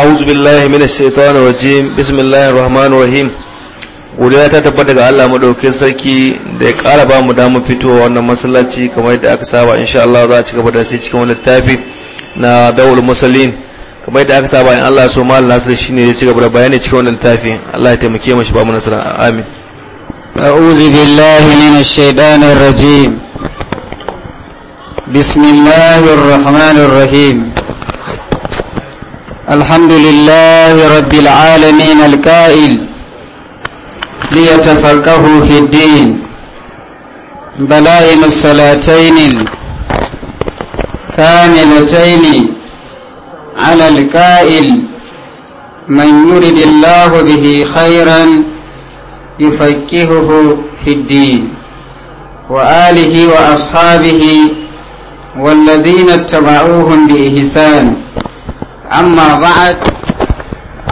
أعوذ بالله من الشيطان الرجيم بسم الله الرحمن الرحيم godiya ta tabbata daga Allah madaukakin sarki da ya ƙara ba mu damar fitowa wannan masallaci kamar yadda aka saba insha Allah za a ci gaba da sai cikin wani littafi na Dawul Musallin kamar yadda aka saba in Allah so mal nasir shine ya ci gaba da bayani cikin wani littafi Allah ya taimake mu shi ba mu nasara amin أعوذ بالله من الشيطان الرجيم بسم الله الرحمن الحمد لله رب العالمين الكائل ليتفقهوا في الدين بلائم الصلاتين الكاملتين على الكائل من يرد الله به خيرا يفكهه في الدين وآله وأصحابه والذين اتبعوهم بإحسان أما بعد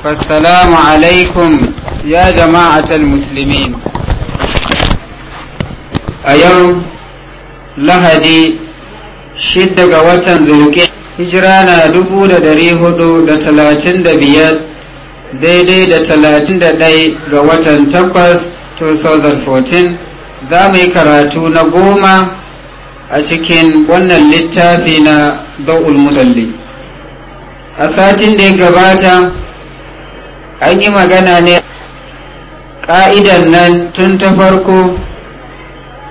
فالسلام عليكم يا جماعة المسلمين Lahadi, لهدي شدة وطن ذوكي hijira na dubu da dari hudu da talatin da biyar daidai da talatin da ɗai ga watan takwas 2014 za mu yi karatu na goma a cikin wannan littafi na da'ul musalli a satin da ya gabata an yi magana ne ƙa'idan nan tun ta farko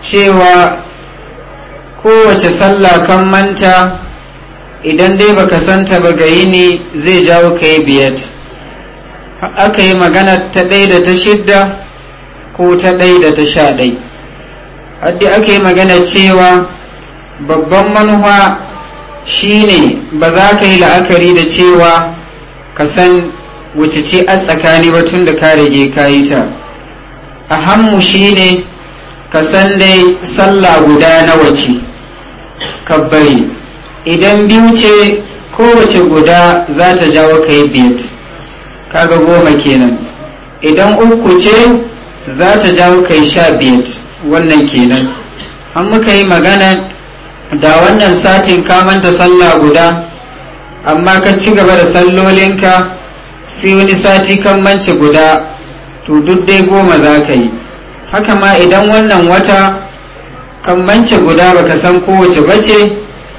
cewa kowace sallah kan manta idan dai baka santa ba gayi ne zai jawo ka yi biyat aka yi magana ta ɗai da ta shidda ko ta ɗai da ta sha ɗai haddi aka yi magana cewa babban manuwa shine ba za ka yi la'akari da cewa ka san wace ce a tsakani ba tun da ka rage ka yi ta A shi ne ka san dai sallah guda na wace kabbari idan biyu ce kowace guda za ta jawo ka yi biyat kaga goma kenan idan uku ce za ta jawo ka yi sha biyat wannan kenan an muka yi magana da wannan satin ka manta sallah guda amma ka ci gaba da sallolinka sai wani sati kan manci guda to duk dai goma za ka yi haka ma idan wannan wata kan manci guda baka san kowace bace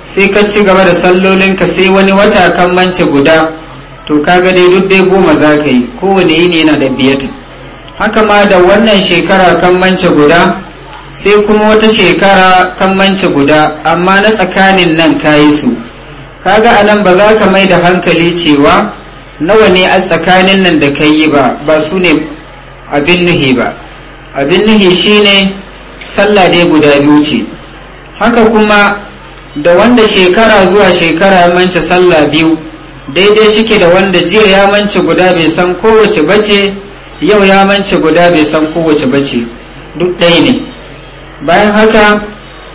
sai ka ci gaba da sallolinka sai wani wata kan manci guda to kaga dai duk dai goma za ka yi kowane yini yana da biyat haka ma da wannan shekara kan manci guda sai kuma wata shekara kammanci guda amma na tsakanin nan ka yi su kaga anan ba za ka mai da hankali cewa nawa ne a tsakanin nan da ka yi ba ba su ne abin nuhi ba abin nuhi shine sallah dai guda biyu ce haka kuma da wanda shekara zuwa shekara ya manci sallah biyu daidai shike da wanda jiya ya manci guda bai san kowace bace yau ya manci guda bai san kowace bace duk ɗaya ne bayan haka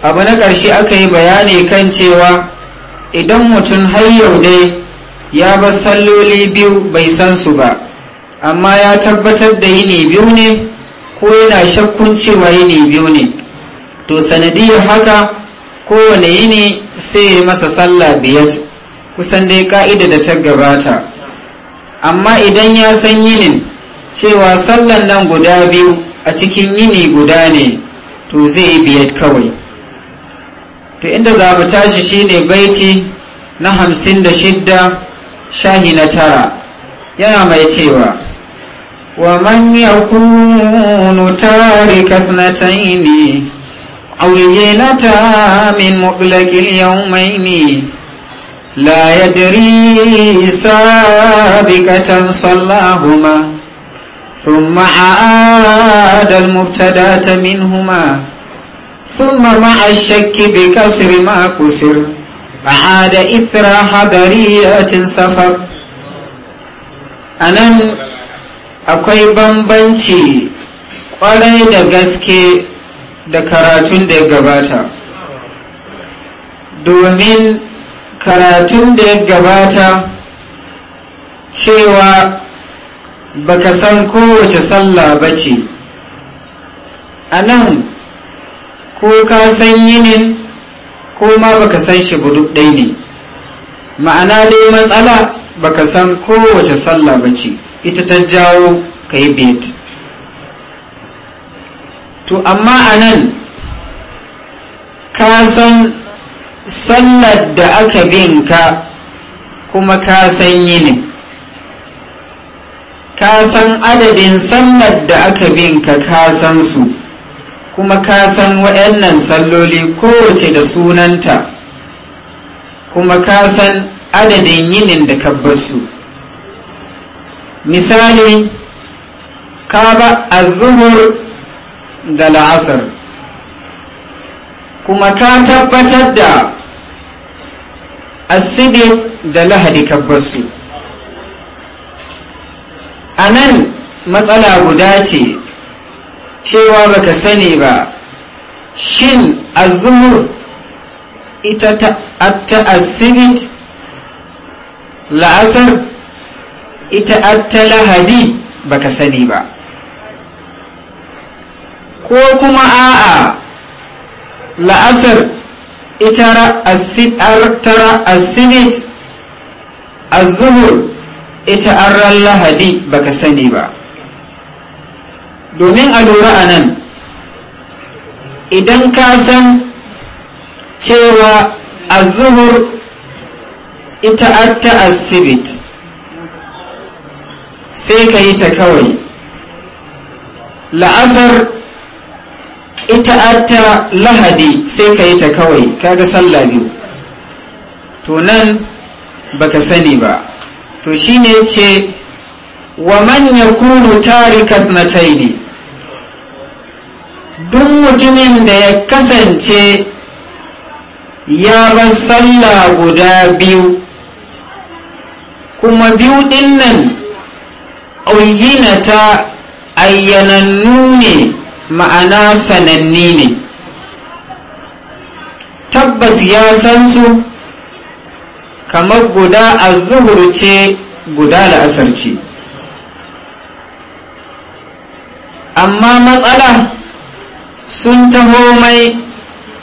abu na ƙarshe aka yi bayani kan cewa idan mutum har yau dai ya ba salloli biyu bai san su ba amma ya tabbatar da yini biyu ne ko yana shakkun cewa yini biyu ne to sanadiyar haka kowane yini sai ya masa sallah biyar kusan dai ka'ida da ta gabata amma idan ya san yinin cewa sallan nan guda biyu a cikin yini guda ne to zai biya kawai to inda za mu tashi shi ne baiti na hamsin da shidda shahi na tara yana mai cewa wa man ya kunu tare kasnataini auyenata min mublagil yawmaini la yadri sabikatan sallahuma ثم عاد المبتداة منهما ثم مع الشك بكسر ما كسر بعد إثر حضرية سفر nan akwai bambanci kwarai da gaske da karatun da ya gabata domin karatun da ya gabata cewa baka san kowace sallah ba ce a nan ko ka san yinin ko ma baka san shi ba duk ɗai ne ma'ana dai matsala baka san kowace sallah ba ce ita ta jawo ka yi bet to amma a nan ka san sallar da aka bin ka kuma ka san yinin ka san adadin sallar da aka bin ka ka san su kuma ka san waɗannan salloli kowace da sunanta kuma ka san adadin yinin da ka su misali ka ba azuhur da la'asar kuma ka tabbatar da asibit da lahadi ka basu. a nan matsala guda ce cewa baka sani ba shin azumur ita ta asibit la'asar ita ta lahadi baka sani ba ko kuma a'a la'asar ita ta asibit azumur ita an ran lahadi baka sani ba domin a lura a nan idan ka san cewa azuhur ita atta asibit sai ka yi ta kawai la'asar ita atta lahadi sai ka yi ta kawai kaga sallah biyu to nan baka sani ba to shine ce, wa man yakunu tarikat mataini duk mutumin da ya kasance ya bar sallah guda biyu kuma biyu din nan ta ayyanannu ne ma'ana sananni ne tabbas ya san su kamar guda a zuhurce ce guda da asar ce amma matsala sun taho mai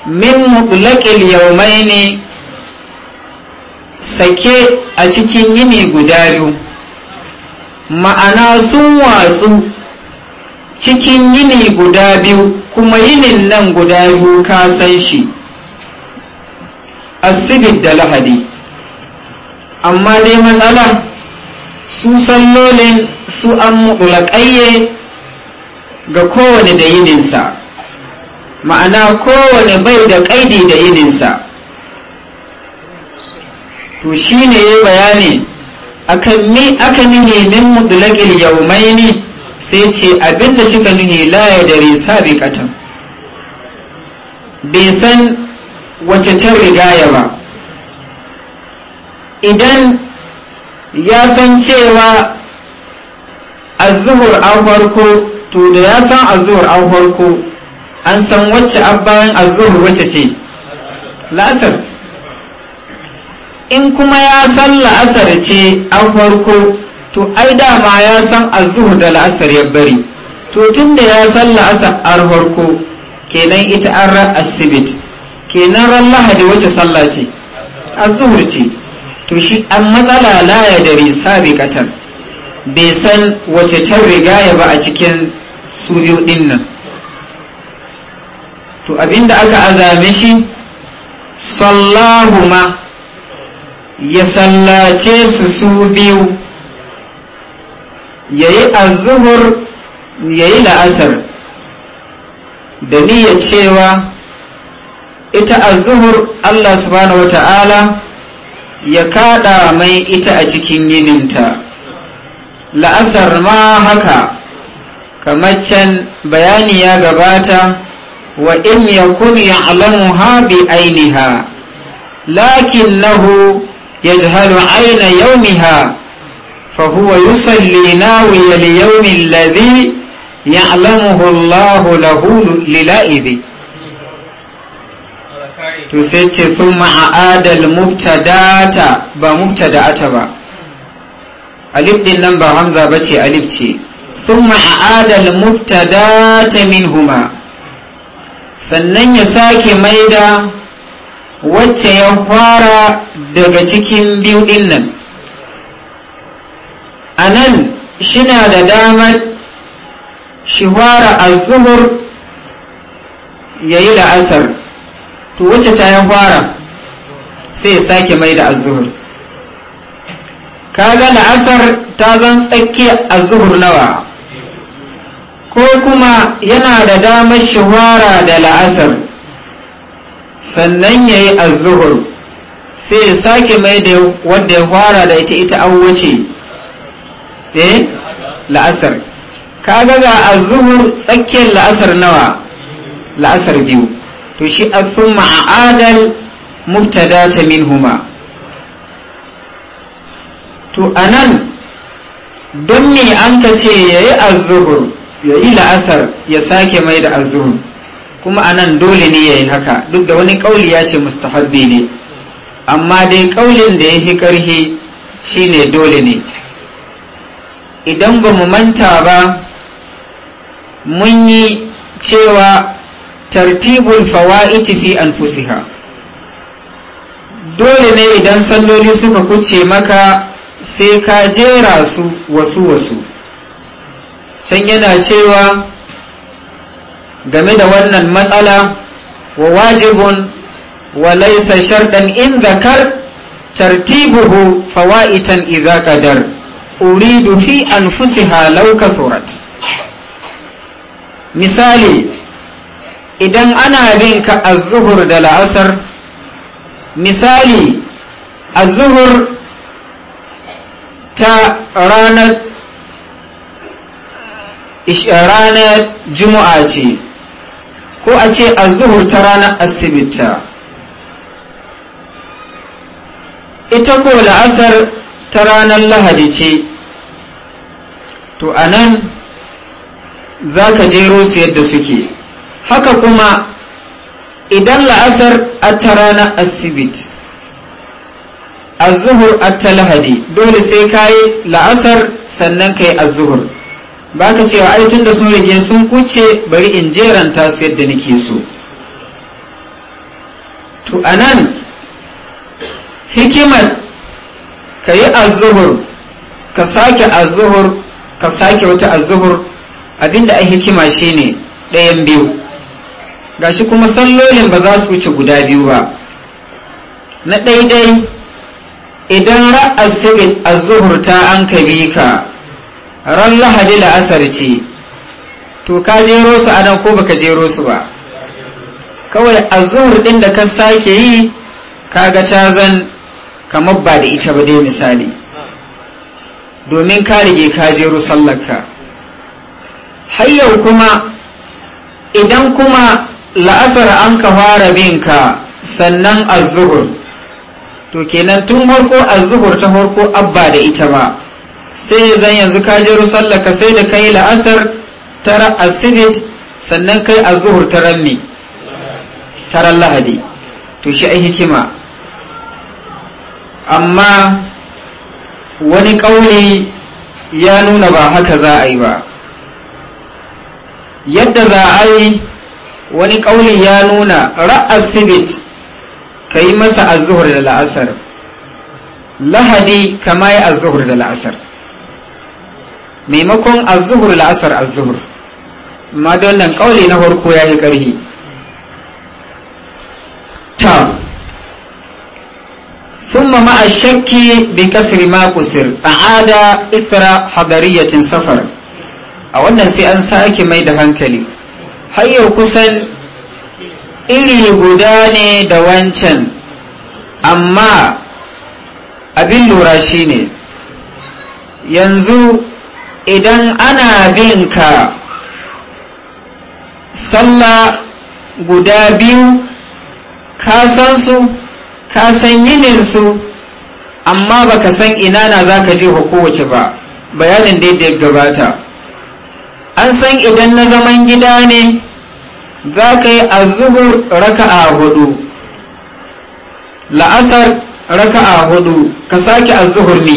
min mutlaƙil yaumai ne sake a cikin yini guda biyu ma'ana sun watsu cikin yini guda biyu kuma yinin nan guda biyu ka san shi asibit da lahadi amma dai matsalar su sallolin su an muɗulaƙayye ga kowane da yininsa ma'ana kowane bai da ƙaidi da yininsa to shi ne ya bayani akan ni aka nuhi min yaumai ne sai ce abinda shika nuhi la ya dare sabiqatan bai san wace ta rigaya ba idan ya san cewa azuhur an farko to da ya san azuhur an farko an san wacce bayan azuhur wacce ce la'asar in kuma ya san la'asar ce an farko to ai dama ya san azuhur da la'asar ya bari to tun da ya san la'asar an farko kenan ita an ran asibit kenan ran lahadi wacce sallah ce azuhur ce to shi an matsala laya da risa bikatan bai san wace tar rigaya ba a cikin su biyu din nan to abinda aka azame shi sallahu ma ya sallace su su biyu ya yi azuhur ya yi la'asar da niyyar cewa ita azuhur allah subhanahu wa ta'ala ya kaɗa mai ita a cikin yininta la'asar ma haka kamar can bayani ya gabata wa in ya yakun ha bi ainiha lakinnahu yajhalu aina yaumiha fa yusalli nahu li yawmi alladhi ya'lamuhu Allah lahu lila'idi to sai ce thumma a'adal mubtadata ba ata ba alif din nan ba hamza ba ce alif ce sun mubtada ta min minhuma sannan ya sake maida wacce ya fara daga cikin biyu din nan a nan shina da damar shi fara zuhur ya yi la'asar to wacce ta yan fara sai ya sake mai da azuhur kaga la'asar ta zan tsakiyar azuhur nawa ko kuma yana da damar shawara da la'asar sannan ya yi azuhur sai ya sake mai da wadda ya fara da ita ita an wuce eh la'asar kaga ga azuhur tsakiyar la'asar nawa la'asar biyu to shi a thumma a'adal mubtada ta minhuma to a nan don me an ka ce ya yayi azzuhur ya yi la'asar ya sake mai da azzuhur kuma a nan dole ne ya yi haka duk da wani kauli ya ce mustahabbi ne amma dai kaulin da ya fi karhi ne dole ne idan ba mu manta ba mun yi cewa tartibul fawa'iti fi anfusiha dole ne idan salloli suka kuce maka sai ka jera su wasu wasu can yana cewa game da wannan matsala wa wajibun wa laisa shardan in zakar tartibuhu fawa'itan idza qadar uridu fi anfusiha law kathurat misali idan ana bin ka azuhur da la'asar misali azuhur ta ranar ranar juma'a ce ko a ce azuhur ta ranar asibita ita ko la'asar ta ranar lahadi ce to anan za ka jero su yadda suke haka kuma idan la'asar a ta ranar asibit a zuhur a lahadi dole sai ka yi la'asar sannan ka yi a zuhur ba ka cewa ai tun da sun rige sun kuce bari in jeranta su yadda nake so to a nan hikimar ka yi azuhur ka sake azuhur ka sake wata azuhur abinda a hikima shine ɗayan biyu gashi kuma sallolin ba za su wuce guda biyu ba na ɗaiɗai idan ra'ar sibin azuhur ta an kabi ka ran lahadi la'asar ce to ka jero su a nan ko baka jero su ba kawai azuhur ɗin da ka sake yi kaga ta zan kamar ba da ita ba dai misali domin ka rige ka jero sallarka har yau kuma idan kuma la'asar an ka fara binka sannan azuhur to kenan tun harko azuhur ta harko abba da ita ba sai zan yanzu ka je sallaka sai da kai la'asar tara asibit sannan kai azuhur taran ta taran lahadi to shi ai hikima amma wani ƙauye ya nuna ba haka za a yi ba yadda za a yi wani ƙaunin ya nuna ra'ar sibit ka yi masa azuhur da la'asar lahadi kama yi azuhur da la'asar maimakon azuhur la'asar azuhur nan ƙaunin na harko ya yi ƙarhi. ta thumma ma a shakki bi kasri ma kusir a ada ifra hadariyatin safar a wannan sai an sake mai da hankali har kusan iri guda ne da wancan amma abin lura shi ne yanzu idan ana bin ka sallah guda biyu ka san su ka san yininsu amma baka san ina na za ka je kowace ba bayanin daidai ya gabata an san idan na zaman gida ne za ka yi azuhur raka'a hudu la'asar raka'a hudu ka sake azuhur ne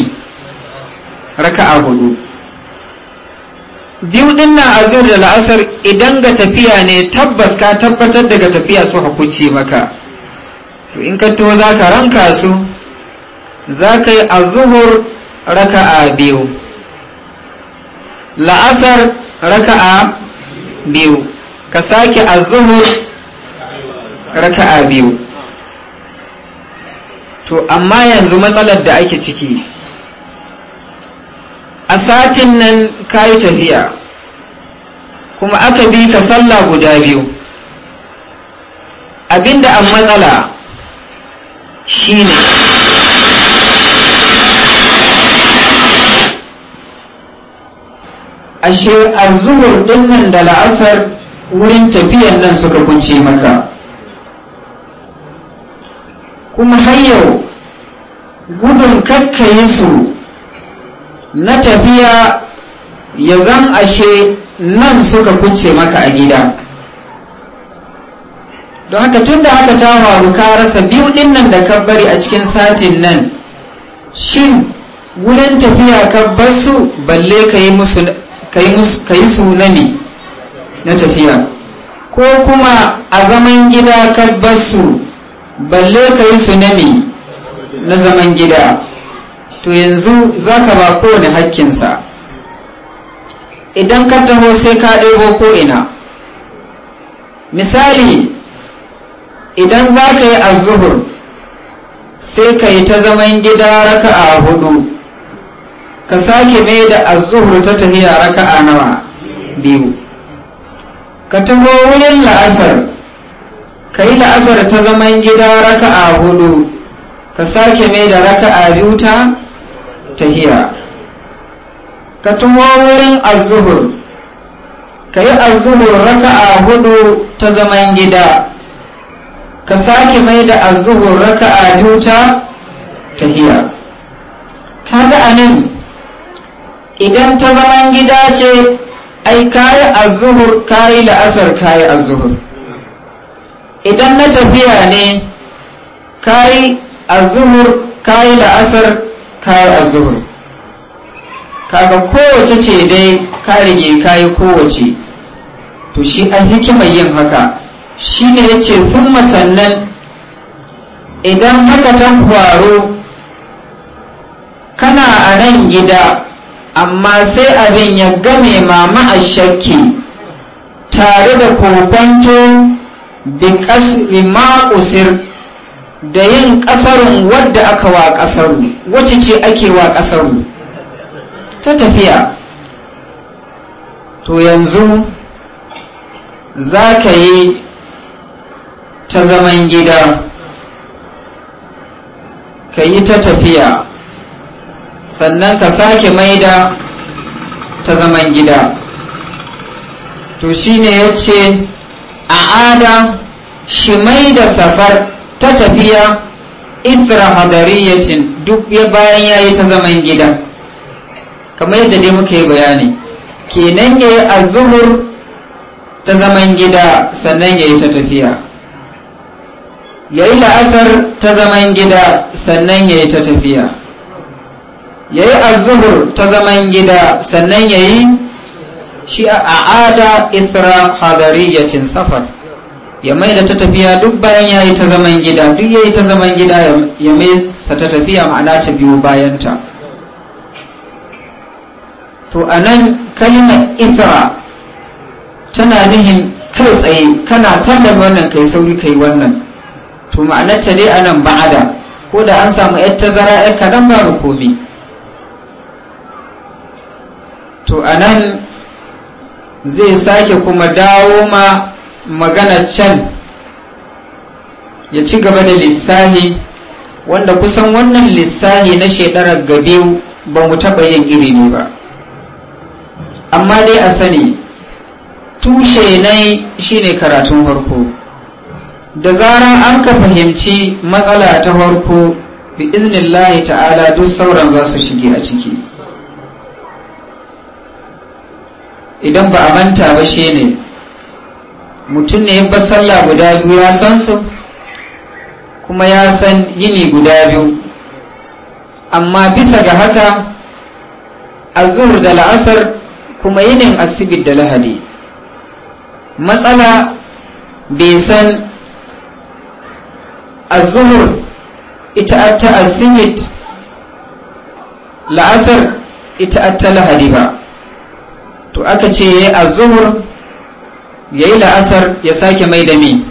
raka'a hudu biyu dinnan azur da la'asar idan ga tafiya ne tabbas ka tabbatar daga tafiya su hakuce maka to in ka to za ka ranka su za ka yi azuhur raka'a biyu la'asar raka'a biyu ka sake azuhur raka'a biyu to amma yanzu matsalar da ake ciki a satin nan kayi tafiya kuma aka bi ka sallah guda biyu abinda an matsala shine ashe a zuhur nan da la'asar wurin tafiyan nan suka kunce maka kuma har yau gudun kakkaye su na tafiya ya zan ashe nan suka kunce maka a gida don haka tun da haka ta faru ka rasa biyu ɗinnan da ka bari a cikin satin nan shin wurin tafiya ka basu balle ka yi musu ka yi su na ne na tafiya ko kuma a zaman gida ka su balle ka yi su na ne na zaman gida to yanzu za ka ba kowane hakkinsa idan ka taho sai ka ɗebo ko'ina misali idan za ka yi azuhur sai ka yi ta zaman gida raka a hudu ka sake mai da azuhur ta tahiya raka'a nawa biyu ka taho wurin la'asar ka yi la'asar ta zaman gida raka'a hudu ka sake mai da raka'a biyu ta tahiya ka taho wurin azuhur ka yi azuhur raka'a hudu ta zaman gida ka sake mai da azuhur raka'a biyu ta tahiya kaga anan idan ta zaman gida ce ai kayi azuhur kayi la'asar kayi azuhur idan na tafiya ne kayi azuhur kayi la'asar kayi azuhur kaga kowace ce dai ka rige kayi kowace to shi an hikimar yin haka shi ne ya ce sun sannan idan haka ta faru kana a nan gida amma sai abin ya game mama a shakki tare da kokonto bi maƙusir da yin ƙasarun wadda aka wa ƙasaru wacce ce ake wa ƙasaru ta tafiya to yanzu za ka yi ta zaman gida ka yi ta tafiya sannan ka sake maida ta zaman gida to shine ya ce a ada shi maida safar ta tafiya ya hadariyacin duk ya bayan yayi yi ta zaman gida kamar yadda dai muka yi bayani kenan ya yi azuhur ta zaman gida sannan ya yi ta tafiya ya yi la'asar ta zaman gida sannan ya yi ta tafiya yayi yi azuhur ta zaman gida sannan ya yi shi a a'ada ithra hadariyacin safar ya mai da ta tafiya duk bayan ya yi ta zaman gida duk ya yi ta zaman gida ya mai sa ta tafiya ma'ana ta biyu bayanta to a nan kalimar ithra tana nihin kai tsaye kana sallar wannan kai sauri kai wannan to ma'anarta dai anan nan ba'ada ko da an samu 'yar tazara 'yar kaɗan babu komi to a nan zai sake kuma dawo ma magana can ya ci gaba da lissahi wanda kusan wannan lissahi na shekarar gabiyu ba mu taɓa yin iri ba amma dai a sani tushe shi shine karatun farko da zarar an ka fahimci matsala ta farko bi iznillahi ta'ala duk sauran za su shige a ciki idan ba a manta ba shi ne mutum ne ba sallah guda biyu ya san su kuma ya san yini guda biyu amma bisa ga haka azur da la'asar kuma yinin asibit da lahadi matsala bai san azur ita ta asibit la'asar ita ta lahadi ba to aka ce ya yi azuhur ya yi la'asar ya sake mai da mi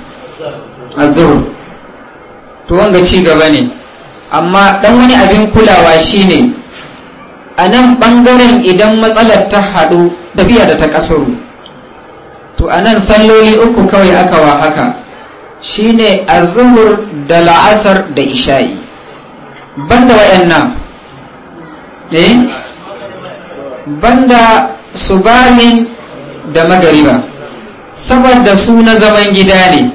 azuhur to wanga ci gaba ne amma dan wani abin kulawa shi ne. a nan ɓangaren idan matsalar ta haɗu tafiya da ta ƙasaru to a nan salloli uku kawai aka wa haka shi shine azuhur da la'asar da isha'i banda waɗannan eh banda Su subahin da magariba saboda su na zaman gida ne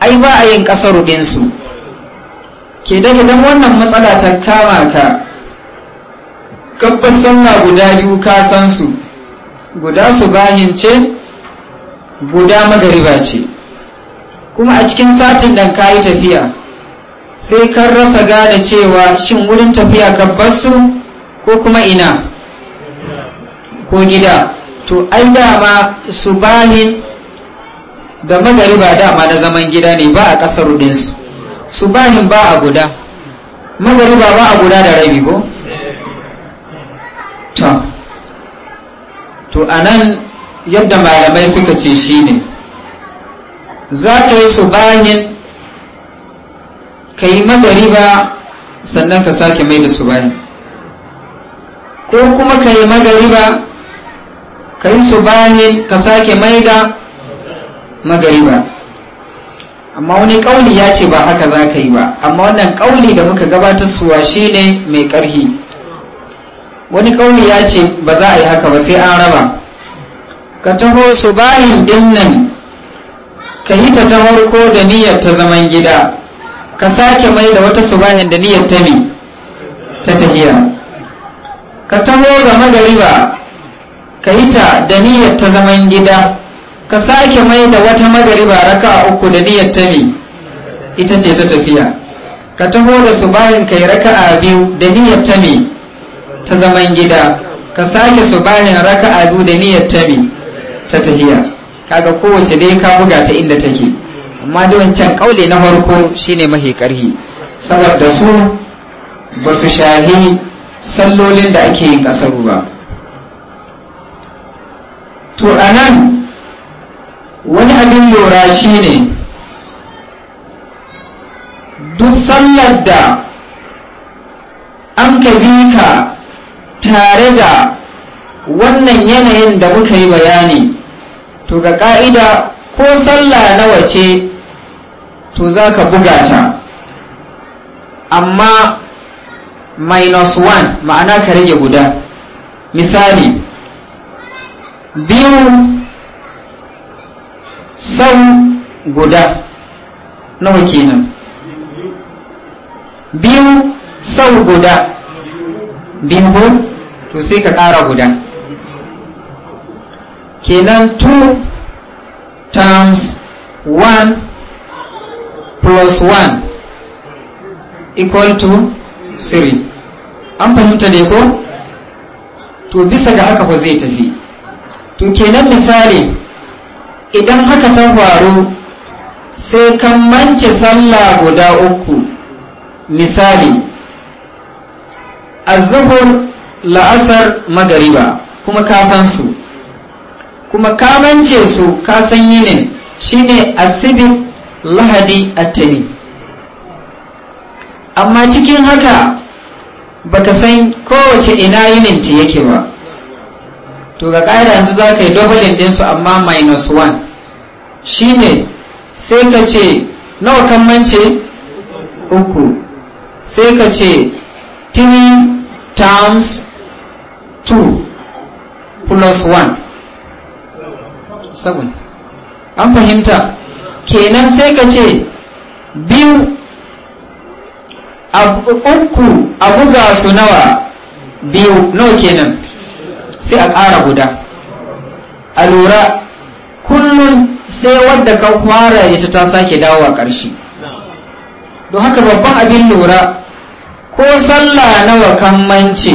ai ba a yin ƙasar ɗinsu ke da don wannan matsala ta kama ka gabbar sallah guda biyu kasansu. Guda su guda ce guda magariba ce kuma a cikin satin ɗan ka yi tafiya sai kan rasa gane cewa shin wurin tafiya kabbarsu ko kuma ina ko gida to ai dama subahin da magariba dama na zaman gida ne ba a ƙasar rudinsu subahin ba a guda magariba ba a guda da rabi ko? to a nan yadda malamai suka ce shi ne za ka yi subahin ka yi magariba sannan ka sake mai da subahin ko kuma ka yi magariba kai su bahin ka sake mai da magariba amma wani kauli ya ce ba haka za ka yi ba amma wannan kauli da muka gabatar suwa shi ne mai ƙarhi wani kauli ya ce ba za a yi haka ba sai an raba ka taho su bahin din nan ka yi ta ta farko da niyyar ta zaman gida ka sake mai da wata subahin da niyyar ta ne ta tahiya ka taho ga magariba ka yi ta da niyyar ta zaman gida ka sake mai da wata magariba raka uku da niyyar ta mi ita ce ta tafiya ka taho da su bayan kai raka a biyu da niyyar ta mi ta zaman gida ka sake su bayan raka a biyu da niyyar ta mi ta tahiya kaga kowace dai ka buga ta inda take amma da wancan kaule na farko shine mahi karhi saboda su ba su shahi sallolin da ake yin ƙasar ba to a nan wani abin lura shi ne duk sallar da an ka bi ka tare da wannan yanayin da muka yi bayani to ga ƙa'ida ko sallah nawa ce to za ka buga ta amma minus one ma'ana ka rage guda misali biyu sau guda nawa kenan biyu sau guda biyu to sai ka kara guda kenan 2 times 1 plus 1 equal to 3 an fahimta ne ko? to bisa ga haka ko zai tafi to kenan misali idan haka ta faru sai kan mance sallah guda uku misali azuhur la'asar magariba kuma ka san su kuma ka mance su ka san yinin shine asibit lahadi attani amma cikin haka baka san kowace ina yininta yake ba to ga ƙa'ida yanzu za ka yi dobalin ɗinsu amma minus 1 ne sai ka ce nawa kan mance uku sai ka ce 3 times 2 plus 1 7 an fahimta kenan sai ka ce biyu uku a buga su nawa biyu nawa kenan sai a ƙara guda a lura kullum sai wadda ka fara ita ta sake a ƙarshe don haka babban abin lura ko sallah nawa kan mance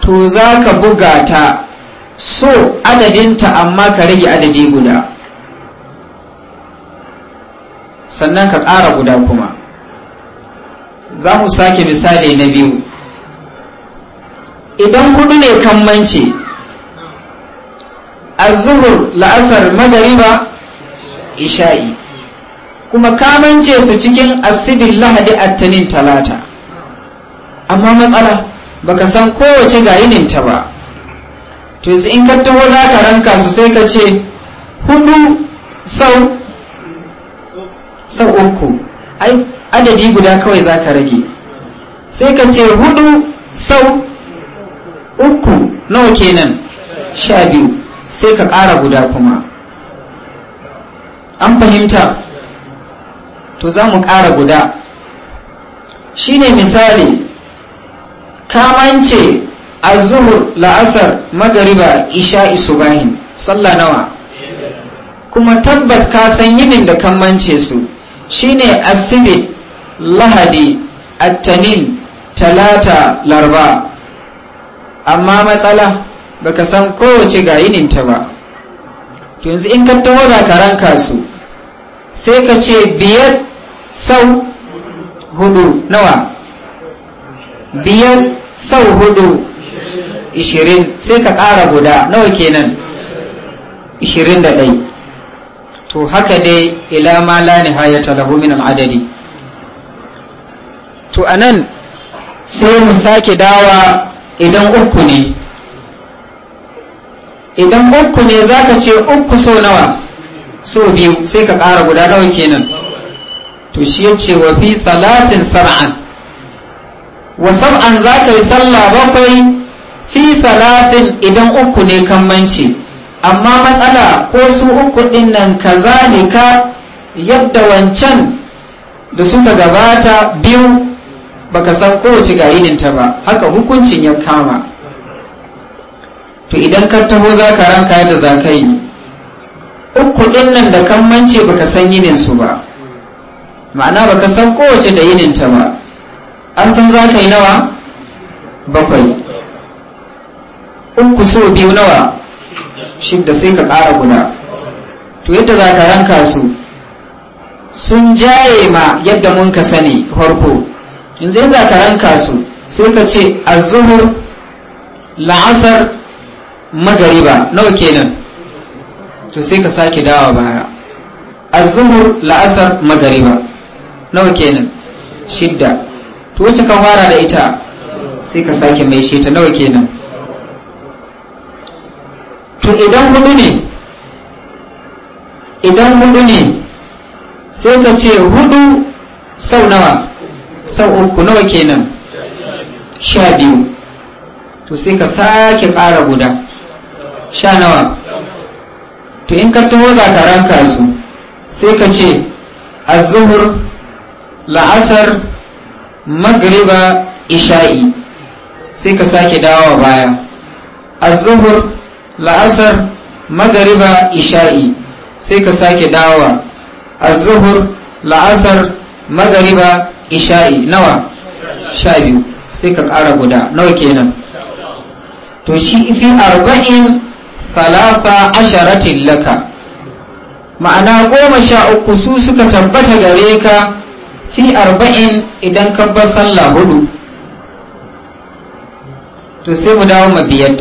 to za ka buga ta so adadinta amma ka rage adadi guda sannan ka ƙara guda kuma za mu sake misali na biyu idan kudu ne kan mance azuhur la'asar magariba isha'i kuma kamance su cikin asibin lahadi attanin talata amma matsala baka san kowace ga ta ba to yanzu in ka taho za ka ranka su sai ka ce hudu sau sau uku adadi guda kawai za ka rage sai ka ce hudu sau uku nawa kenan sha biyu sai ka ƙara guda kuma an fahimta to za mu ƙara guda Shi ne misali kamance azuhur la'asar magariba isha subahin sallah nawa kuma tabbas ka san yinin da kamance su shine asibit lahadi attanin talata larba amma matsala baka san kowace ga yininta ba yanzu in ka taho da ka su sai ka ce biyar sau hudu nawa biyar sau hudu ishirin sai ka ƙara guda nawa kenan ishirin da ɗai to haka dai ila ma la nihayata lahu min al'adadi to anan sai mu sake dawa idan uku ne idan uku ne za ka ce uku so nawa so biyu sai ka ƙara guda nawa kenan to shi ya wa fi thalasin sab'an wa sab'an za ka yi sallah bakwai fi talatin idan uku ne kammanci amma matsala ko su uku ɗin nan ka ka yadda wancan da suka gabata biyu baka san kowace ga ta ba haka hukuncin ya kama to idan ka taho za ka ranka yadda za ka yi uku ɗin nan da kan mance baka san yininsu ba ma'ana baka san kowace da ta ba an san za ka yi nawa bakwai uku so biyu nawa shidda sai ka ƙara guda to yadda za ka ranka su sun jaye ma yadda mun ka sani farko In zai za ka ranka su sai ka ce a zuhu la'asar magariba nawa kenan to sai ka sake dawa baya a zuhu la'asar magariba nawa kenan shidda to wacce ka fara da ita sai ka sake mai ta nawa kenan to idan hudu ne idan hudu ne sai ka ce hudu sau nawa sau uku nawa kenan sha biyu to sai ka sake ƙara guda sha nawa to in ka taho za ka ranka su sai ka ce azuhur la'asar magriba isha'i sai ka sake dawowa baya azuhur la'asar magariba isha'i sai ka sake dawowa azuhur la'asar magariba isha'i nawa sha biyu sai ka ƙara guda nawa kenan to shi fi arba'in falafa asharatin laka ma'ana goma sha uku su suka tabbata gare ka fi arba'in idan ka bar sallah hudu to sai mu dawo mabiyat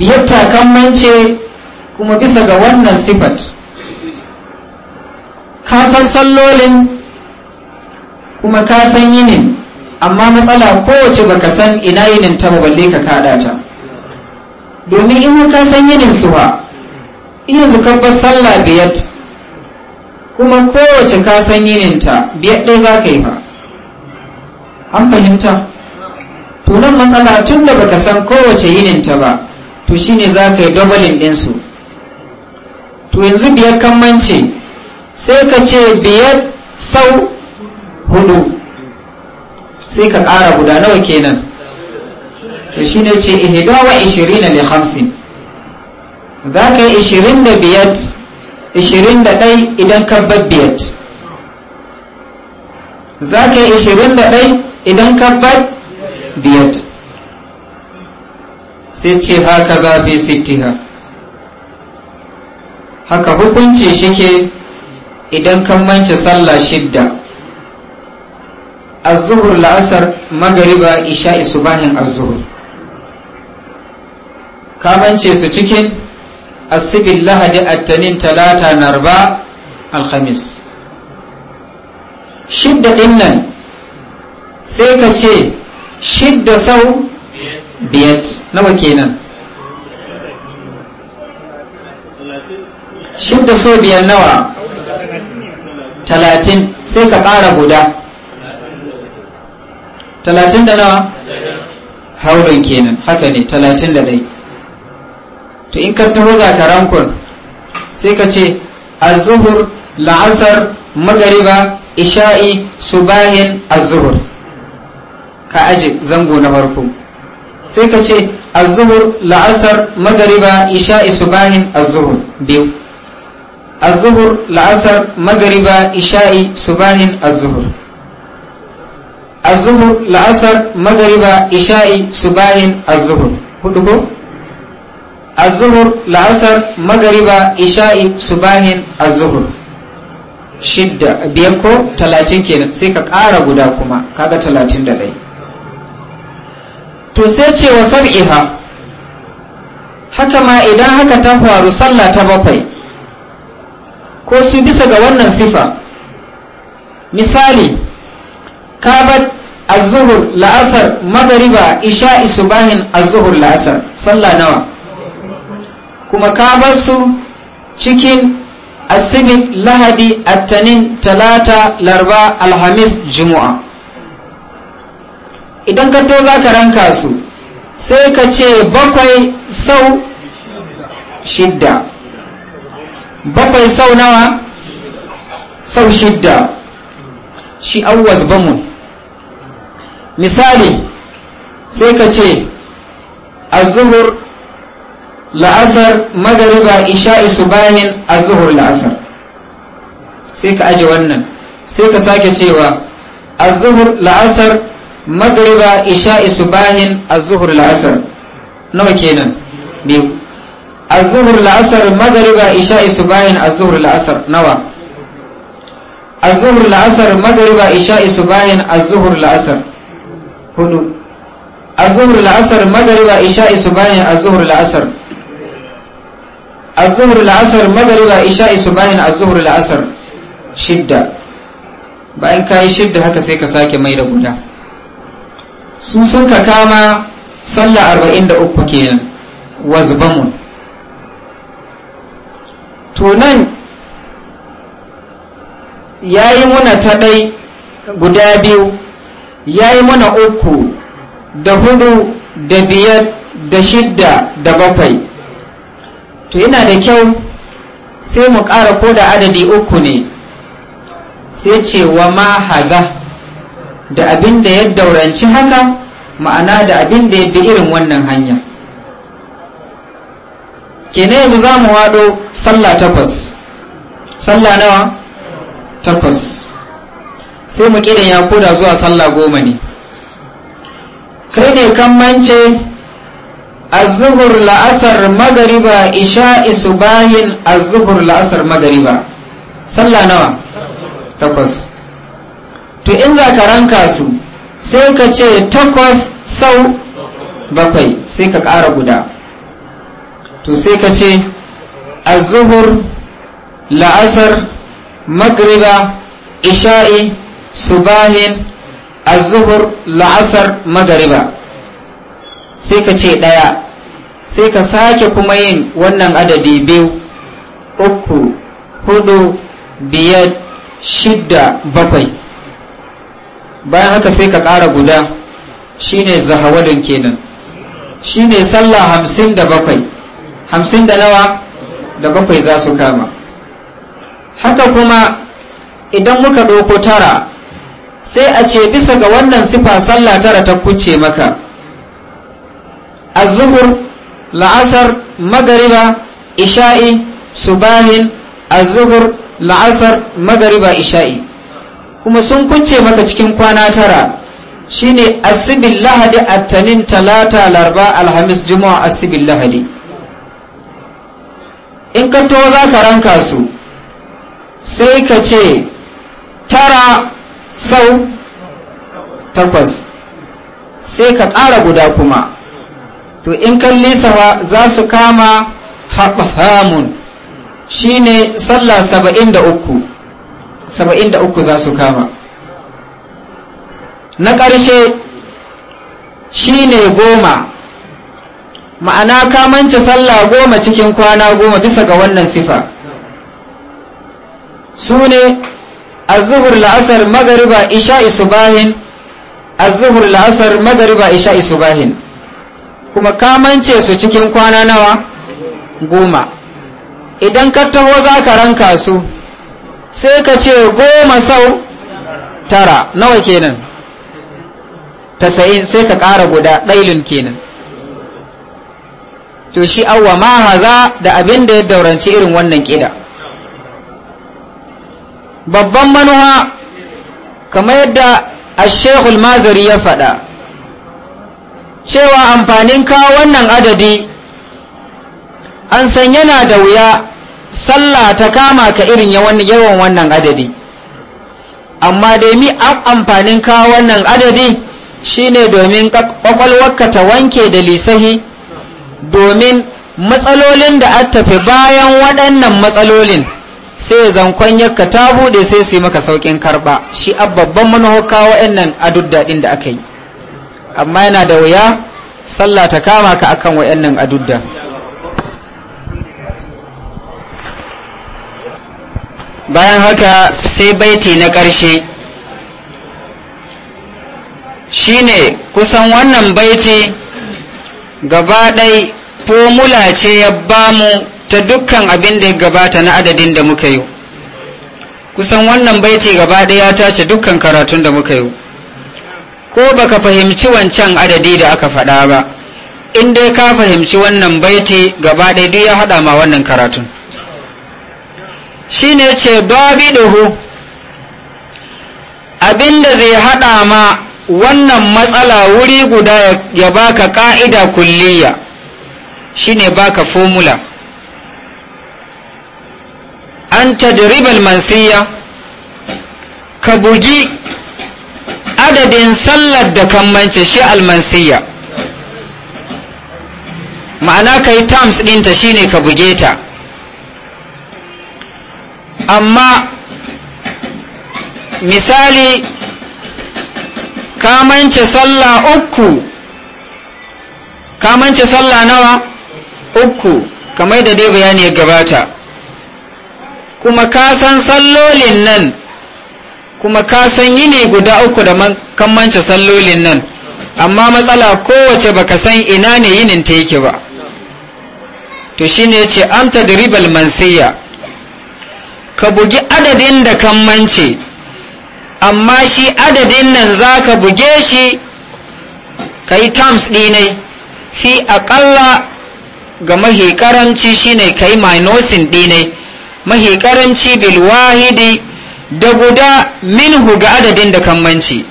biyar kan mance kuma bisa ga wannan sifat ka san sallolin kuma ka san yinin amma matsala kowace baka san ina yinin ta ba balle ka kada ta domin in ka san yinin su ba iya zukabbar sallah biyat kuma kowace ka san yinin ta biyat ɗaya za ka yi fa an fahimta tunan matsala tun da baka san kowace yinin ta ba to shine za ka yi dobalin ɗinsu to yanzu biyar kammanci sai ka ce biyar sau hudu sai ka ƙara guda nawa kenan to shi ne ce ihidawa ishirin da hamsin za ka yi ishirin da biyar ishirin da ɗai idan ka bar biyar za ka yi ishirin da ɗai idan ka bar biyar sai ce haka za fi sittiha haka hukunci shi ke idan kan manci sallah shidda azuhur la'asar magariba isha'i subahin azuhur ka mance su cikin asibin lahadi a attanin talata narba alhamis shidda ɗin nan sai ka ce shidda sau biyat nawa kenan shidda sau biyar nawa talatin sai ka ƙara guda talatin da nawa haurin kenan haka ne talatin da dai to in ka taho zakarankun sai ka ce azuhur la'asar magariba isha'i subahin azuhur ka aji zango na farko sai ka ce azuhur la'asar magariba isha'i subahin azuhur biyu الظهر العصر مغربا إشاء صباح الظهر الظهر العصر مغربا إشاء صباح الظهر هدوكو الظهر العصر مغربا إشاء صباح الظهر shidda biyar ko talatin kenan sai ka ƙara guda kuma kaga talatin da ɗai to sai ce wa haka ma idan haka ta faru sallah ta bakwai ko su bisa ga wannan sifa misali kabat azuhur la'asar magariba isha isubahin azuhur la'asar sallah nawa kuma bar su cikin asibit lahadi attanin talata larba alhamis juma'a idan ka to za ka ranka su sai ka ce bakwai sau shidda bakwai sau nawa sau shidda shi awwas bamu. misali sai ka ce azuhur la'asar magariba isha'i subahin azuhur la'asar sai ka aje wannan sai ka sake cewa azuhur la'asar magariba isha'i subahin azuhur la'asar nawa kenan biyu الظهر العصر المغرب عشاء صباح الظهر العصر نوى الظهر العصر المغرب عشاء صباح الظهر العصر هدو الظهر العصر المغرب عشاء صباح الظهر العصر الظهر العصر المغرب عشاء صباح الظهر العصر شدة bayan ka yi shidda haka sai ka sake mai da guda su sun ka kama sallah 43 kenan wazbamun to nan ya yi muna ta ɗai guda biyu ya yi muna uku da hudu da biyar da shidda da bakwai to yana da kyau sai mu ƙara ko da adadi uku ne sai ce wa ma haga da abin da ya dauranci haka ma'ana da abin da ya bi irin wannan hanya kenan yanzu za mu haɗo sallah takwas sallah nawa takwas sai mu ƙidan ya koda zuwa sallah goma ne kai ne kan mance azuhur la'asar magariba bayan a azuhur la'asar magariba sallah nawa takwas to in za ka ranka su sai ka ce takwas sau bakwai sai ka ƙara guda to sai ka ce azuhur la'asar magriba isha'i subahin azuhur la'asar magariba sai ka ce ɗaya sai ka sake kuma yin wannan adadi biyu uku hudu biyar shidda bakwai bayan haka sai ka ƙara guda shine zahawadin kenan shine sallah hamsin da bakwai hamsin da nawa da bakwai za su kama haka kuma idan muka ɗauko tara sai a ce bisa ga wannan sifa sallah tara ta kuce maka azuhur la'asar magariba isha'i subahin azuhur la'asar magariba isha'i kuma sun kuce maka cikin kwana tara shine asibin lahadi attanin talata larba alhamis juma'a asibin lahadi in ka to za ka ranka su sai ka ce tara sau takwas sai ka ƙara guda kuma to in kalli sawa za su kama haɓahamun shi ne sallah saba'in da uku saba'in da uku za su kama na ƙarshe shi ne goma ma'ana ka sallah goma cikin kwana goma bisa ga wannan sifa su ne azuhur la'asar magariba isha'i subahin azuhur la'asar magariba isha'i subahin kuma ka mance su cikin kwana nawa goma idan ka taho za ka ranka su sai ka ce goma sau tara nawa kenan tasa'in sai ka kara guda ɗailin kenan to shi awwa ma haza da abin da ya dauranci irin wannan kida babban manuwa kamar yadda ashekul mazari ya faɗa cewa amfanin kawo wannan adadi an san yana da wuya sallah ta kama ka irin yawan wannan adadi amma dai mi amfanin kawo wannan adadi shine domin kwakwalwarka ta wanke da lisahi domin matsalolin da an tafi bayan waɗannan matsalolin sai zankon yakka ta buɗe sai su yi maka saukin karɓa shi a babban manahoka waɗannan a duk da aka yi amma yana da wuya sallah ta kama ka akan waɗannan a duk bayan haka sai baiti na ƙarshe shine kusan wannan baiti gaba fomula ce ya bamu ta dukkan abin da ya gabata na adadin da muka yi kusan wannan baiti gaba ya tace dukkan karatun da muka yi ko baka fahimci wancan adadi da aka faɗa ba in dai ka fahimci wannan baiti gaba duk ya haɗa ma wannan karatun shine ce Abin da zai haɗa ma wannan matsala wuri guda ya baka ka'ida kulliya shine baka formula an tajribal mansiya ka bugi adadin sallar da kammance shi almansiya ma'ana ka yi terms ɗinta shine ka buge ta amma misali kamance sallah uku kamance sallah nawa uku kamar da dai bayani ya gabata kuma ka san sallolin nan kuma ka san yini guda uku da kan mance sallolin nan amma matsala kowace baka san ina ne yinin ta yake ba to shine yace amta da ribal mansiya ka bugi adadin da kan mance amma shi adadin nan za ka buge shi ka yi terms ɗinai fi aƙalla ga mahi shi ne ka yi minosin ɗinai mahi bilwahidi da guda minhu ga adadin da kammanci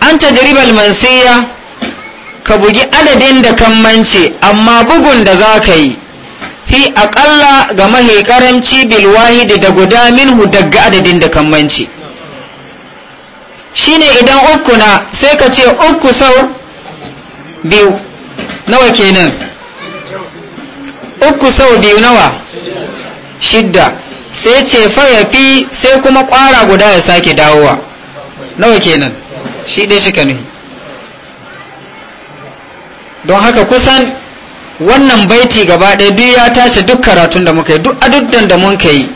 an tajribal mansiya ka bugi adadin da kammanci amma bugun da za ka yi fi aƙalla ga mahe ƙaramci bilwahi da guda minhu daga adadin da kammanci shine idan uku na sai ka ce uku sau biyu nawa kenan uku sau biyu nawa shidda sai ce fayafi sai kuma ƙwara guda ya sake dawowa nawa kenan shi ɗaya shi ka don haka kusan wannan baiti gaba ɗaya duk ya tace duk karatun da muka yi duk adudan da muka yi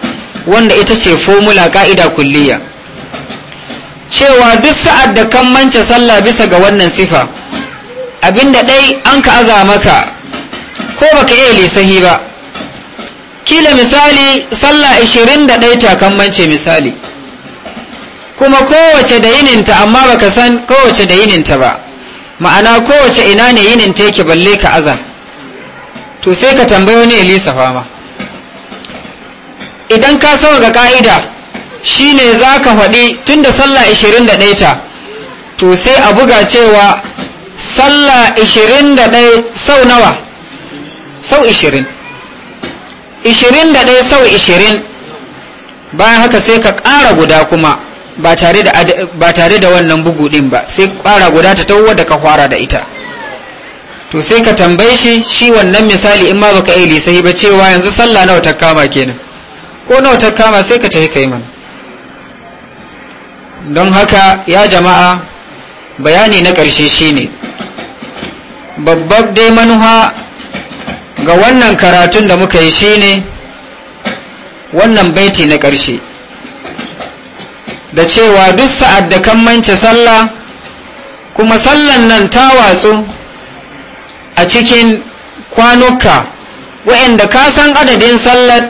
wanda ita ce fomula ka'ida kulliya cewa duk sa'ad da kan mance sallah bisa ga wannan sifa abinda ɗai an ka aza maka ko baka iya lisahi ba kila misali sallah da ɗai ta kan mance misali kuma kowace da yininta amma baka san kowace da yininta ba ma'ana kowace ina ne yininta yake balle ka aza to sai ka tambayi wani elisa fama idan ka sauka ga ka'ida shine za ka faɗi tun da sallah 21 ta to sai a buga cewa sallah 21 sau nawa sau 20 21 sau 20 bayan haka sai ka ƙara guda kuma ba tare da wannan bugu ɗin ba sai ƙara guda ta tawo da ka fara da ita to sai ka tambaye shi shi wannan misali in ma baka yi lisahi ba cewa yanzu sallah nawa ta kama kenan ko nawa ta kama sai ka tafi kai mana don haka ya jama'a bayani na ƙarshe shine babbar dai manuha ga wannan karatun da muka yi shine wannan baiti na ƙarshe da cewa duk sa'ad da kan mance sallah kuma sallan nan ta watsu a cikin kwanuka wa'anda ka san adadin sallar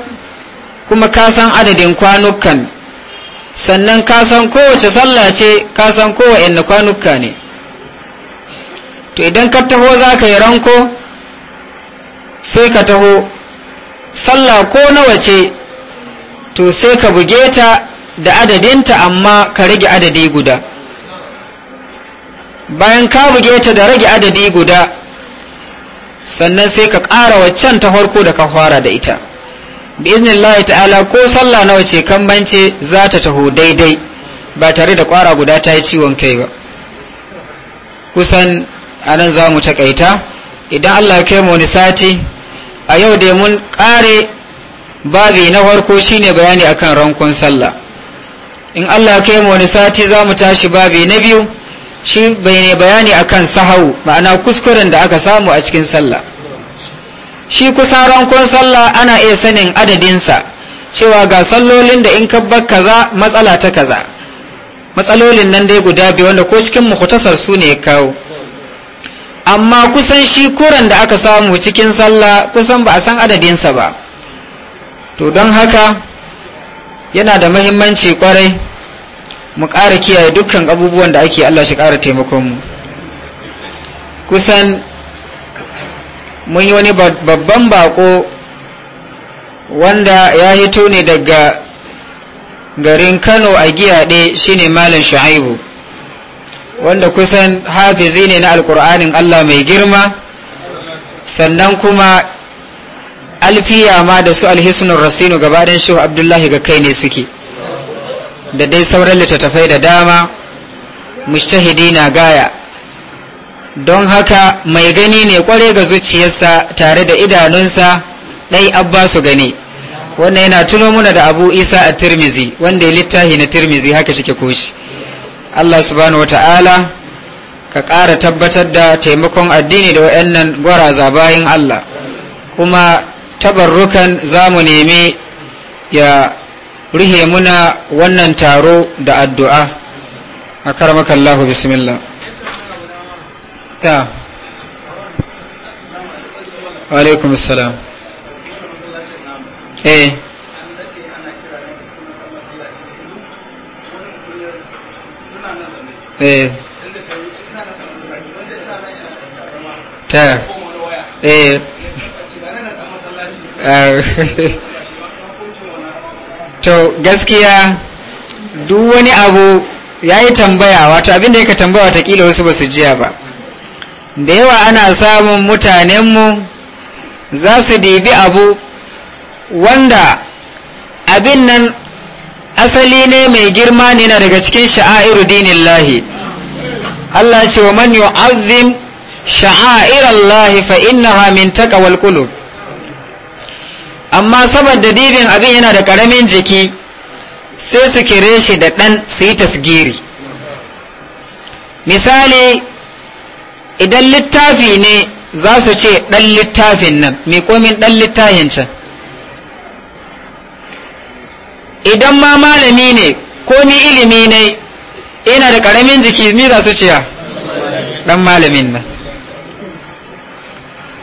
kuma ka san adadin kwanukan sannan ka san kowace sallah ce ka san kowanne kwanuka ne to idan ka taho za ka yi ranko sai ka taho sallah ko nawa ce to sai ka buge ta da adadinta amma ka rage adadi guda bayan ka buge ta da rage adadi guda sannan sai ka ƙara waccan ta farko da ka fara da ita biiznillahi ta'ala ko sallah nawa ce kan bance za ta taho daidai ba tare da ƙwara guda ta yi ciwon kai ba kusan anan za mu taƙaita idan allah kai mu wani sati a yau dai mun ƙare babi na farko shine bayani akan rankon sallah in allah kai mu wani sati za mu tashi babi na biyu shi bai bayani akan sahau ma'ana kuskuren da aka samu a cikin sallah shi kusan rankon sallah ana iya sanin adadinsa cewa ga sallolin da in bar kaza matsala ta kaza matsalolin nan dai guda biyu wanda ko cikin mukhtasar su ne kawo amma kusan shi kuran da aka samu cikin sallah kusan ba a san adadinsa ba to don haka yana da mahimmanci kwarai mu ƙara kiyaye dukkan abubuwan da ake Allah shi ƙara taimakonmu kusan mun yi wani babban bako wanda ya hito ne daga garin kano a giyaɗe shine malam shu'aibu wanda kusan hafizi ne na alƙur'anin Allah mai girma sannan kuma alfiya ma da su alhisnun rasinu gabaɗin shehu abdullahi ga kai ne suke da dai sauran littattafai da dama mujtahidi na gaya don haka mai gani ne kware ga zuciyarsa tare da idanunsa ɗai abbasu gani wannan yana tuno muna da abu isa a tirmizi wanda ya littahi na tirmizi haka shike koshi allah subhanahu wa ta'ala ka ƙara tabbatar da taimakon addini da waɗannan gwaraza bayan allah kuma tabarrukan za mu nemi ya rihe muna wannan taro da addu'a a karamakallahu bismillah ta alaikum salam eh eh ta eh to gaskiya duk wani abu ya yi tambaya wato abinda ya ka tambaya watakila wasu ba su jiya ba da yawa ana samun mutanenmu za su dibi abu wanda abin nan asali ne mai girma ne na daga cikin sha'airu dinin lahi Allah ce wa man yu'azzim sha'air Allah fa innaha min taqwal qulub amma saboda dibin abin yana da ƙaramin jiki sai su kire shi da ɗan su yi tasgiri misali idan littafi ne za su ce ɗan littafin nan mai komin ɗan littafin can idan ma malami ne komi ilimi ne yana da ƙaramin jiki mi za su ce ɗan malamin nan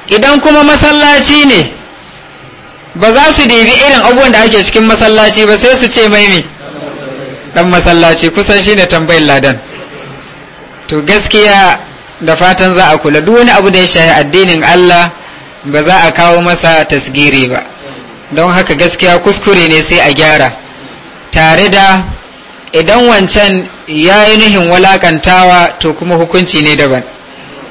idan kuma masallaci ne ba za su dibi irin abubuwan da ake cikin masallaci ba sai su ce mai ne dan masallaci kusan shine tambayin ladan to gaskiya da fatan za a kula duk wani abu da ya shahi addinin Allah ba za a kawo masa tasgiri ba don haka gaskiya kuskure ne sai a gyara tare da idan wancan ya yi nuhin walakantawa to kuma hukunci ne daban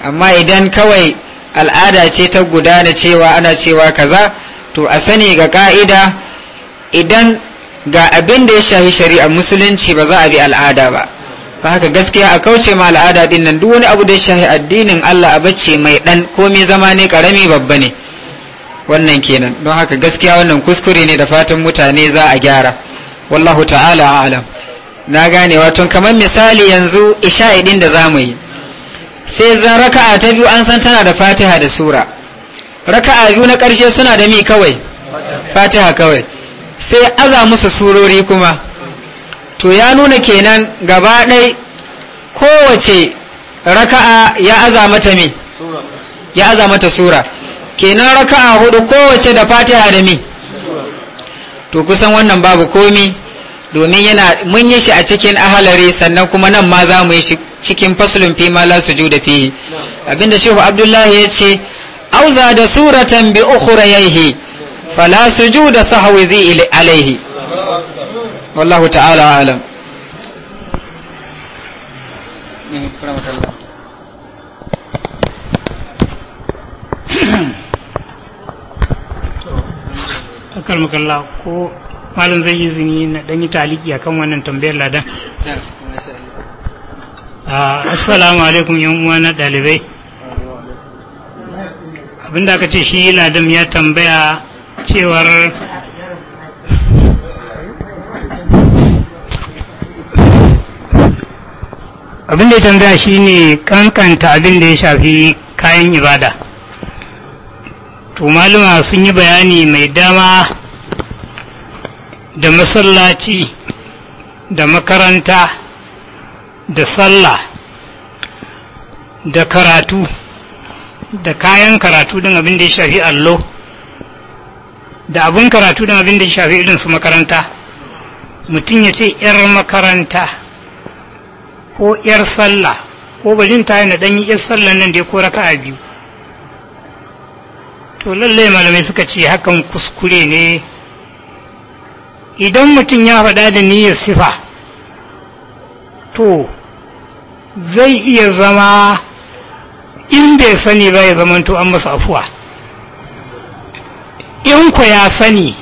amma idan kawai al'ada ce ta gudana cewa ana cewa kaza to a sani ga ka'ida idan ga abin da ya shafi shari'ar musulunci ba za a bi al'ada ba ba haka gaskiya a kauce ma al'ada din nan duk wani abu da ya shafi addinin Allah a bace mai dan ko mai zama ne karami babba ne wannan kenan don haka gaskiya wannan kuskure ne da fatan mutane za a gyara wallahu ta'ala alam na gane wato kamar misali yanzu isha'i din da zamu yi sai zan raka'a ta biyu an san tana da fatiha da sura raka'a biyu na ƙarshe suna da mi kawai fatiha kawai sai aza musu surori kuma to ya nuna kenan gaba ɗai kowace raka'a ya aza mata mi ya aza mata sura kenan raka'a hudu kowace da fatiha da mi to kusan wannan babu komi domin yana mun yi shi a cikin ahalari sannan kuma nan ma za mu yi shi cikin fasulun fi la su ju da fi abinda shehu abdullahi ya ce auza da suratan bi فلا سجود sujuda sahwi dhi alayhi wallahu ta'ala alam kalmakalla ko malin zai izini na ɗanyi taliki a kan wannan tambayar ladan ah, assalamu alaikum yan uwa na ɗalibai abinda aka ce shi ladam ya tambaya cewar abin da ya tambaya shi ne kankanta abin da ya shafi kayan ibada to sun yi bayani mai dama da masallaci da makaranta da sallah da karatu da kayan karatu din abin da ya shafi allo da abin karatu din abin da ya shafi irin makaranta mutum ya ce 'yar makaranta ko 'yar sallah ko bajin ta yana ɗanyi 'yar sallah nan da ya kora ka a biyu to lallai malamai suka ce hakan kuskure ne idan mutum ya faɗa da niyyar sifa to zai iya zama in bai sani ba ya zamanto an masa afuwa in ku ya sani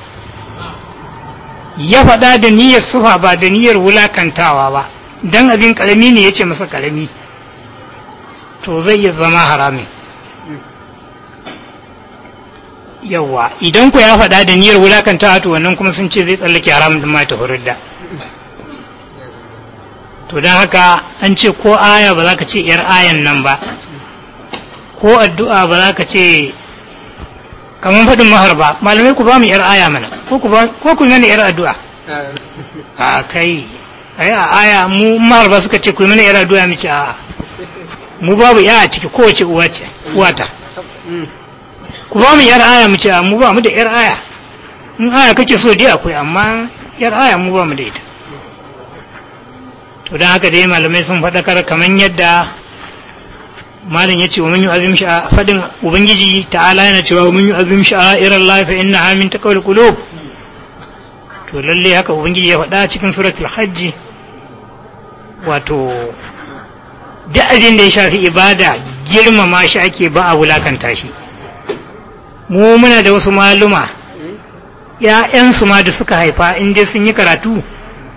ya faɗa da niyyar sufa ba da niyyar wulakantawa ba don abin ƙarami ne ya ce masa ƙarami to zai iya zama haramin yawa idan ku ya faɗa da niyyar wulakantawa to wannan kuma sun ce zai tsallake haramun da mata hurudda to don haka an ce ko aya ba za ka ce 'yar ayan nan ba ko addu'a ba za ka ce kamar faɗin mahar ba malamai ku ba mu yar aya mana ko ku mana yar addu'a a kai ai a aya mu mahar ba suka ce ku mana yar addu'a mu ce a'a mu babu mu yaya ciki kowace uwa uwata ku ba mu yar aya mu ce mu ba mu da yar aya in aya kake so dai akwai amma yar aya mu ba mu da ita to don haka dai malamai sun faɗakar kamar yadda malam yace wa man shi a fadin ubangiji ta'ala yana cewa wa man yu'azzim sha'irar Allah fa innaha min taqwal qulub to lalle haka ubangiji ya faɗa cikin suratul hajji wato da'adin da ya shafi ibada girmama shi ake ba a wulakanta shi mu muna da wasu maluma ‘ya'yansu ma da suka haifa in dai sun yi karatu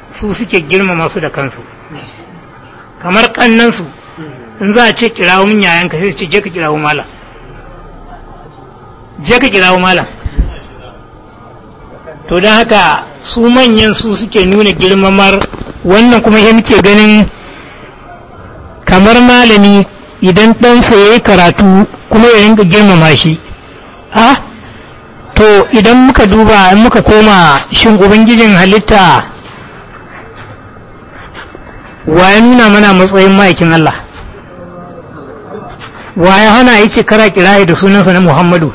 su suke girmama su da kansu kamar su in za a ce kirawo min ka sai ce je ka kirawo malam je ka kirawo malam to don haka su manyan su suke nuna girmamar wannan kuma ya muke ganin kamar malami idan ɗansa ya yi karatu kuma ya rinka girmama shi ha to idan muka duba in muka koma shin ubangijin halitta wa ya nuna mana matsayin ma'aikin Allah wa ya hana ya ce kara kirahi da sunansa na muhammadu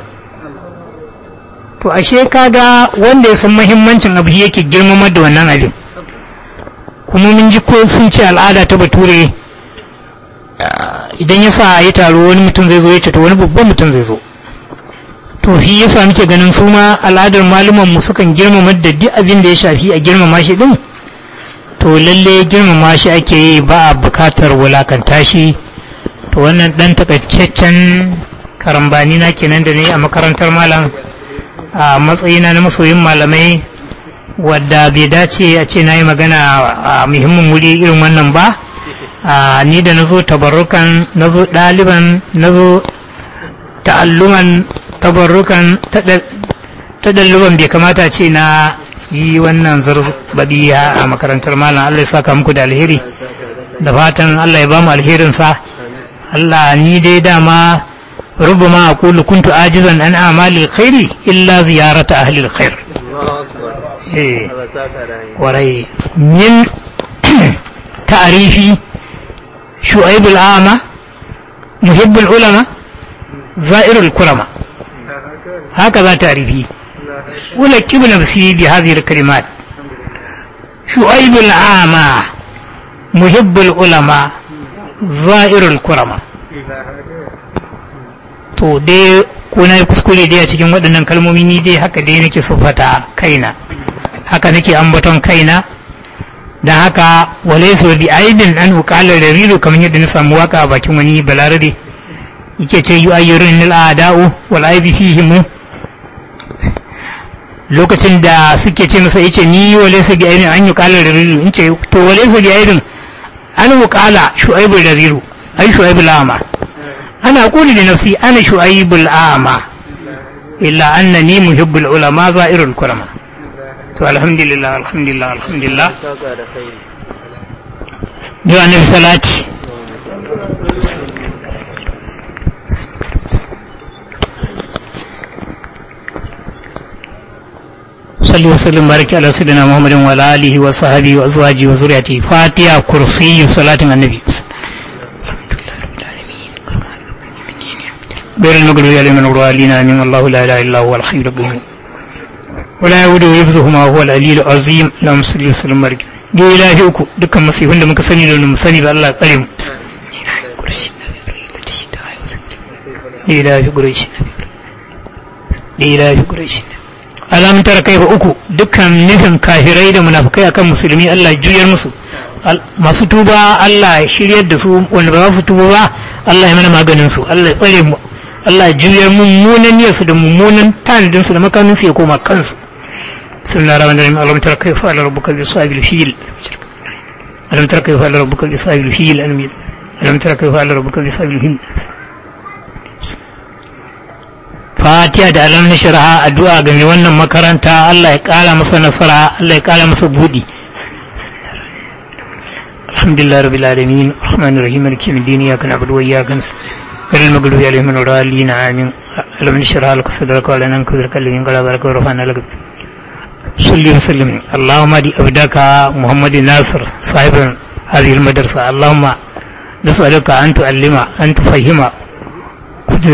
to ashe kaga wanda ya san mahimmancin abu yake girmamar da wannan abin kuma mun ji ko sun ce al'ada ta bature idan ya sa ya taro wani mutum zai zo ya ce to wani babban mutum zai zo to shi ya sa muke ganin su ma al'adar maluman mu sukan girmama da duk abin da ya shafi a girmama shi din to lalle girmama shi ake yi ba a bukatar wulakanta shi to wannan dan takaitaccen karambani na kenan da ne a makarantar malam a matsayina na masoyin malamai wadda bai dace a ce na yi magana a muhimmin wuri irin wannan ba ni da na zo tabarrukan na ɗaliban na zo ta'alluman tabarrukan taɗalluban bai kamata ce na yi wannan zarbaɗi a makarantar malam allah ya saka muku da alheri da fatan allah ya ba mu alherinsa Allah ni dai dama rubuma aqulu kuntu ajizan an amali khairi illa ziyarata ahli alkhair eh warai min ta'rifi shu'aib za muhibb al'ulama زائر الكرمة bi تعرفي ولكب نفسي بهذه al-Ama العامة محب العلماء za'irul kurama to dai ko na yi kuskure dai a cikin waɗannan kalmomi ni dai haka dai nake sufata kaina haka nake ambaton kaina da haka wale so bi aidin an hukala da rilu kamar yadda na samu waka a bakin wani balarade yake ce yi ayyurin nil ada'u wal aibi fihim lokacin da suke ce masa yace ni wale so bi aidin an hukala da rilu in ce to wale so bi aidin أنا قال شعيب النذير أي شعيب الأعمى أنا أقول لنفسي أنا شعيب الأعمى إلا أنني محب العلماء زائر الكرماء الحمد لله الحمد لله الحمد لله دعاء النبي صلاتي وصلي وسلم بارك على سيدنا محمد وعلى آله وصحبه وأزواجه وذريته فاتحة كرسي صلاة النبي غير المغلوب عليهم ولا الضالين آمين الله لا إله إلا هو الحي القيوم ولا يعوده حفظهما هو العلي العظيم اللهم صل وسلم وبارك يا إلهي أكو دكان مسيحون da muka sani da wanda mu sani ba Allah tsare mu إلهي قريش يا إلهي قريش alamun tara kai ba uku dukkan nufin kafirai da munafukai akan musulmi Allah juyar musu masu tuba Allah shiryar da su wanda ba za su tuba ba Allah ya mana maganin su Allah ya tsare mu Allah juyar mummunan niyyarsu da mummunan tanadin su da makamin su ya koma kansu bismillahir rahmanir rahim alam tara kai fa rabbuka bi sabil fil alam tara kai fa rabbuka bi sabil fil alam tara kai fa rabbuka bi sabil fil fatiha da alam nashraha addu'a ga mai wannan makaranta Allah ya kara masa nasara Allah ya kara masa budi alhamdulillah rabbil alamin arrahmanir rahim maliki yawmiddin iyyaka na'budu wa iyyaka nasta'in غير المغلوب عليهم ولا الضالين آمين اللهم اشرح لك صدرك ولنا كبرك الذين قال بارك ورفعنا لك صلي وسلم اللهم دي أبداك محمد ناصر صاحب هذه المدرسة اللهم نسألك أن تعلم أن تفهم حفظ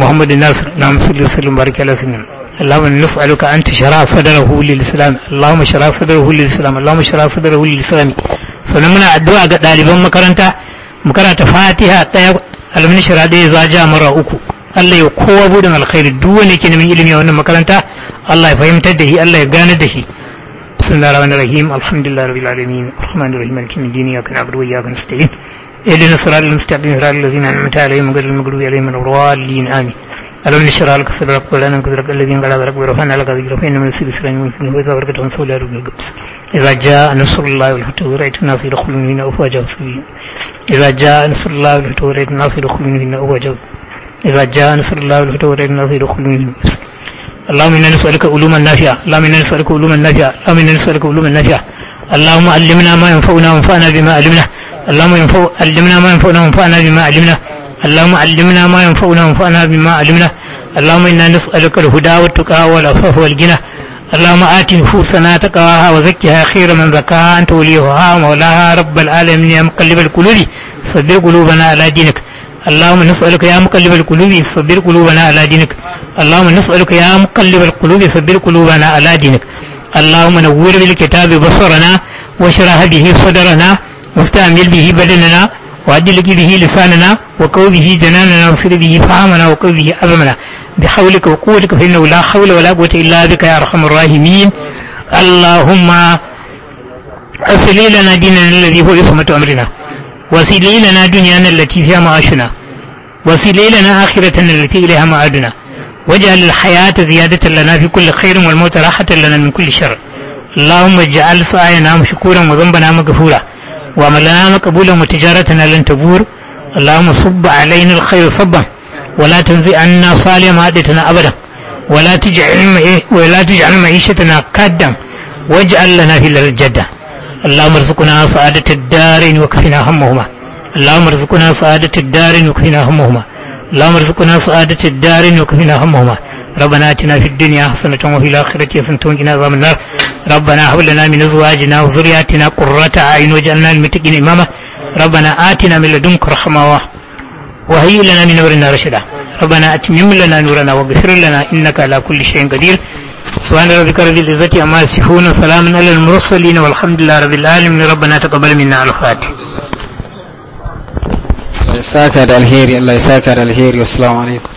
محمد الناصر نعم صلى الله عليه وسلم بارك على سنين اللهم نسألك أن تشرح صدره للإسلام اللهم mara صدره للإسلام اللهم شرح صدره للإسلام سنمنا الدعاء دالبا مكرنتا مكرنتا فاتحة طيب ألم دي مرة أكو kowa buɗin alkhairi duk wanda yake neman ilimi a wannan makaranta Allah ya fahimtar da shi Allah ya gane da shi bismillahir rahmanir rahim اهدنا الصراط المستقيم صراط الذين انعمت عليهم غير المغضوب عليهم ولا الضالين امين اللهم اشرح لك صدرك ولنا قدرك الذين قال ذلك ورفعنا لك ذكرك فان من السير سرين المسلمين هو اذا بركت رسول الله القبس اذا جاء نصر الله والفتح ورايت الناس يدخلون من افواجا وسبيل اذا جاء نصر الله والفتح ورايت الناس يدخلون من افواجا اذا جاء نصر الله والفتح ورايت الناس يدخلون من اللهم انا نسالك علوما نافعه اللهم انا نسالك علوما نافعه اللهم انا نسالك علوما نافعه اللهم علمنا ما ينفعنا وانفعنا بما علمنا اللهم ينفو علمنا ما ينفعنا وانفعنا بما علمنا اللهم علمنا ما ينفعنا وانفعنا بما علمنا اللهم إنا نسألك الهدى والتقى والعفاف والغنى اللهم آت نفوسنا تقواها وزكها خير من زكاها أنت وليها مولاها رب العالمين يا مقلب القلوب صبر قلوبنا على دينك اللهم نسألك يا مقلب القلوب صبر قلوبنا على دينك اللهم نسألك يا مقلب القلوب صبر قلوبنا على دينك اللهم نور بالكتاب بصرنا واشرح به صدرنا واستعمل به بدننا وأدلك به لساننا وقو به جناننا وصل به فهمنا وقو به أممنا بحولك وقوتك فإنه لا حول ولا قوة إلا بك يا أرحم الراحمين اللهم أصلي لنا ديننا الذي هو عصمة أمرنا وصلي لنا دنيانا التي فيها معاشنا وصلي لنا آخرتنا التي إليها معادنا وجعل الحياة زيادة لنا في كل خير والموت راحة لنا من كل شر اللهم اجعل سعينا مشكورا وذنبنا مغفورا وما لنا مقبول وتجارتنا لن تبور اللهم صب علينا الخير صبا ولا تنزي عنا صالح مادتنا أبدا ولا تجعل ولا تجعل معيشتنا كادا واجعل لنا في الجدة اللهم ارزقنا سعادة الدارين وكفنا همهما اللهم ارزقنا سعادة الدارين وكفنا همهما اللهم ارزقنا سعادة الدارين وكفنا همهما ربنا اتنا في الدنيا حسنة وفي الآخرة حسنة وقنا عذاب النار ربنا هب لنا من ازواجنا وذرياتنا قرة اعين واجعلنا للمتقين اماما ربنا آتنا من لدنك رحمة وهيئ لنا من نورنا رشدا ربنا اتمم لنا نورنا واغفر لنا انك على كل شيء قدير سبحان ربك رب العزة عما يصفون وسلام على المرسلين والحمد لله رب العالمين ربنا تقبل منا الفاتح ساكر الهيري الله يساكر الهيري والسلام عليكم